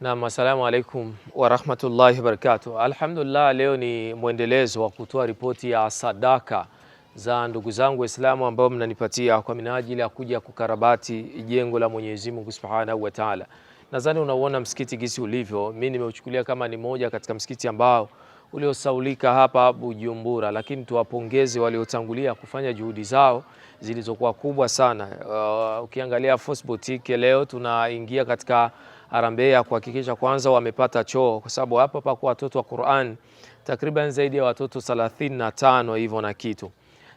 Nam, assalamu alaikum warahmatullahi wabarakatuh. Alhamdulillah, leo ni mwendelezo wa kutoa ripoti ya sadaka za ndugu zangu Waislamu ambao mnanipatia kwa minajili ya kuja kukarabati jengo la Mwenyezi Mungu Subhanahu wa Ta'ala. Nadhani unauona msikiti gisi ulivyo, mi nimeuchukulia kama ni moja katika msikiti ambao uliosaulika hapa Bujumbura, lakini tuwapongeze waliotangulia kufanya juhudi zao zilizokuwa kubwa sana. Uh, ukiangalia Force Boutique leo tunaingia katika Harambee kuhakikisha kwanza wamepata choo, kwa sababu hapa pakuwa watoto wa Qur'an takriban zaidi ya watoto 35 hivyo na kitu.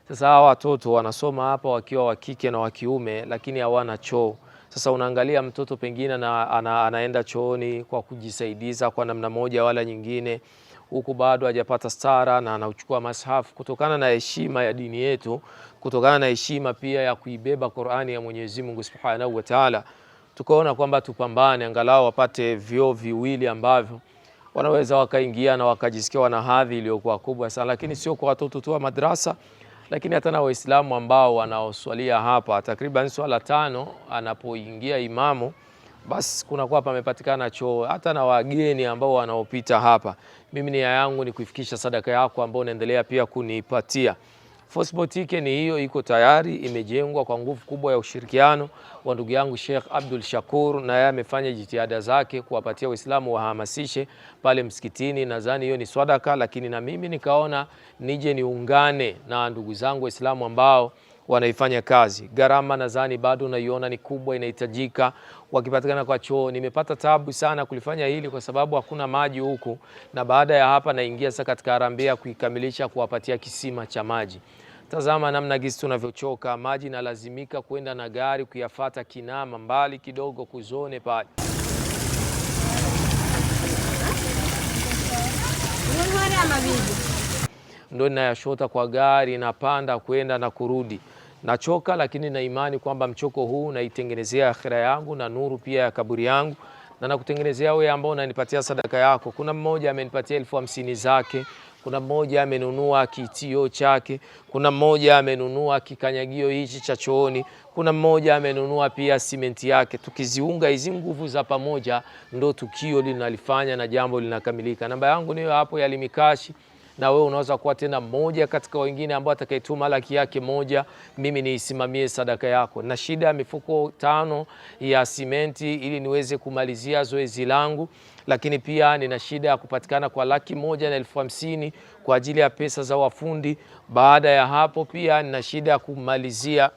Sasa hawa watoto wanasoma hapa wakiwa wa kike na wa kiume, lakini hawana choo. Sasa unaangalia mtoto pengine na, ana, anaenda chooni kwa kujisaidiza kwa namna moja wala nyingine, huku bado hajapata stara na anauchukua mashafu. Kutokana na heshima ya dini yetu, kutokana na heshima pia ya kuibeba Qur'ani ya Mwenyezi Mungu Subhanahu wa Ta'ala tukaona kwamba tupambane angalau wapate vyoo viwili ambavyo wanaweza wakaingia na wakajisikia wana hadhi iliyokuwa kubwa sana, lakini sio kwa watoto tu wa madrasa, lakini hata na Waislamu ambao wanaoswalia hapa takriban swala tano, anapoingia imamu basi kunakuwa pamepatikana choo hata na wageni ambao wanaopita hapa. Mimi nia yangu ni kuifikisha sadaka yako ambayo unaendelea pia kunipatia. Force Boutique ni hiyo, iko tayari imejengwa kwa nguvu kubwa ya ushirikiano wa ndugu yangu Sheikh Abdul Shakur, na yeye amefanya jitihada zake kuwapatia Waislamu wahamasishe pale msikitini. Nadhani hiyo ni swadaka, lakini na mimi nikaona nije niungane na ndugu zangu Waislamu ambao wanaifanya kazi. Gharama nadhani bado unaiona ni kubwa, inahitajika wakipatikana kwa choo. Nimepata tabu sana kulifanya hili kwa sababu hakuna maji huku, na baada ya hapa naingia sasa katika harambea kuikamilisha, kuwapatia kisima cha maji. Tazama namna gisi tunavyochoka maji, nalazimika kwenda na gari kuyafata Kinama, mbali kidogo kuzone pale ndo ninayashota kwa gari, napanda kwenda na kurudi nachoka, lakini na imani kwamba mchoko huu naitengenezea akhira yangu na nuru pia ya kaburi yangu, na nakutengenezea wewe ambao unanipatia sadaka yako. Kuna mmoja amenipatia elfu hamsini zake kuna mmoja amenunua kitio chake, kuna mmoja amenunua kikanyagio hichi cha chooni, kuna mmoja amenunua pia simenti yake. Tukiziunga hizi nguvu za pamoja, ndo tukio linalifanya na jambo linakamilika. Namba yangu niyo hapo ya Alimikashi na wewe unaweza kuwa tena mmoja katika wengine ambao atakayetuma laki yake moja, mimi niisimamie sadaka yako, na shida ya mifuko tano ya simenti ili niweze kumalizia zoezi langu lakini pia nina shida ya kupatikana kwa laki moja na elfu hamsini kwa ajili ya pesa za wafundi. Baada ya hapo, pia nina shida ya kumalizia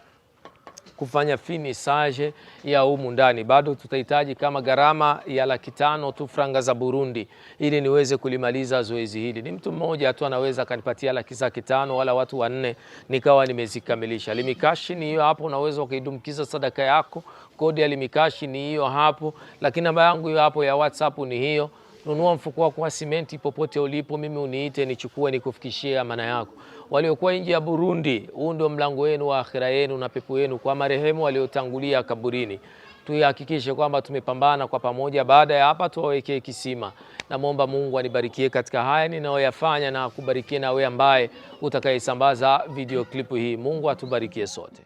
kufanya finisage ya humu ndani. Bado tutahitaji kama gharama ya laki tano tu franga za Burundi ili niweze kulimaliza zoezi hili. Ni mtu mmoja tu anaweza akanipatia laki za kitano wala watu wanne, nikawa nimezikamilisha. Limikashi ni hiyo hapo, unaweza ukaidumkiza sadaka yako. Kodi ya limikashi ni hiyo hapo, lakini namba yangu hiyo hapo ya WhatsApp ni hiyo nunua mfuko wako wa simenti popote ulipo, mimi uniite, nichukue, nikufikishie amana yako. Waliokuwa nje ya Burundi, huu ndio mlango wenu wa akhira yenu na pepo yenu, kwa marehemu waliotangulia kaburini. Tuhakikishe kwamba tumepambana kwa pamoja. Baada ya hapa, tuwawekee kisima. Namwomba Mungu anibarikie katika haya ninayoyafanya na akubarikie na wewe ambaye utakayesambaza video klipu hii. Mungu atubarikie sote.